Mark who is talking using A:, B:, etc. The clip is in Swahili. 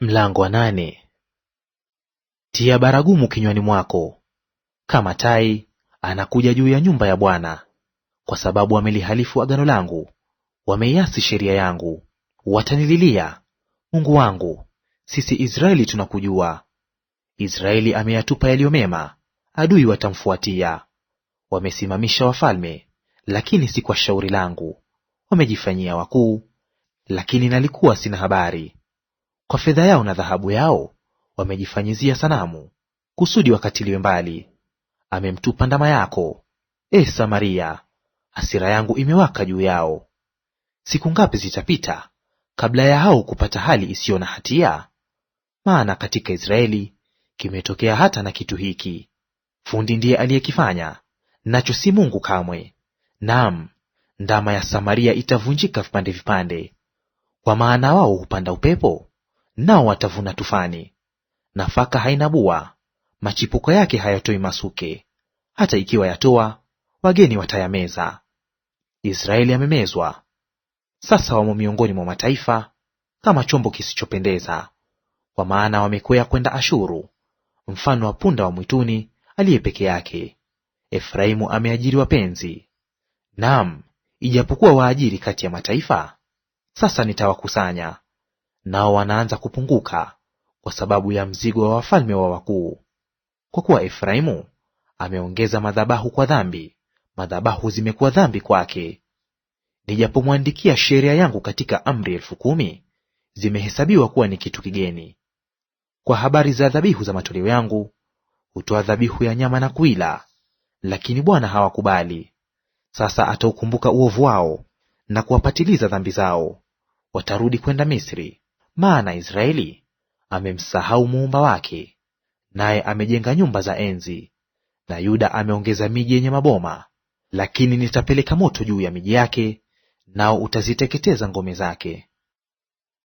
A: Mlango wa nane. Tia baragumu kinywani mwako, kama tai anakuja juu ya nyumba ya Bwana. Kwa sababu wamelihalifu agano langu, wameiasi sheria yangu, watanililia, Mungu wangu, sisi Israeli tunakujua. Israeli ameyatupa yaliyo mema, adui watamfuatia. Wamesimamisha wafalme, lakini si kwa shauri langu; wamejifanyia wakuu, lakini nalikuwa sina habari kwa fedha yao na dhahabu yao wamejifanyizia sanamu, kusudi wakatiliwe mbali. Amemtupa ndama yako, e Samaria; hasira yangu imewaka juu yao. Siku ngapi zitapita kabla ya hao kupata hali isiyo na hatia? Maana katika Israeli kimetokea hata na kitu hiki. Fundi ndiye aliyekifanya, nacho si Mungu kamwe. Naam, ndama ya Samaria itavunjika vipande vipande, kwa maana wao hupanda upepo nao watavuna tufani. Nafaka haina bua, machipuko yake hayatoi masuke; hata ikiwa yatoa, wageni watayameza. Israeli amemezwa; sasa wamo miongoni mwa mataifa kama chombo kisichopendeza. Kwa maana wamekwea kwenda Ashuru, mfano wa punda wa mwituni aliye peke yake. Efraimu ameajiri wapenzi; naam, ijapokuwa waajiri kati ya mataifa, sasa nitawakusanya nao wanaanza kupunguka kwa sababu ya mzigo wa wafalme wa wakuu. Kwa kuwa Efraimu ameongeza madhabahu kwa dhambi, madhabahu zimekuwa dhambi kwake. Nijapomwandikia sheria yangu katika amri elfu kumi, zimehesabiwa kuwa ni kitu kigeni. Kwa habari za dhabihu za matoleo yangu, hutoa dhabihu ya nyama na kuila, lakini Bwana hawakubali. Sasa ataukumbuka uovu wao na kuwapatiliza dhambi zao. Watarudi kwenda Misri, maana Israeli amemsahau muumba wake, naye amejenga nyumba za enzi, na Yuda ameongeza miji yenye maboma. Lakini nitapeleka moto juu ya miji yake, nao utaziteketeza ngome zake.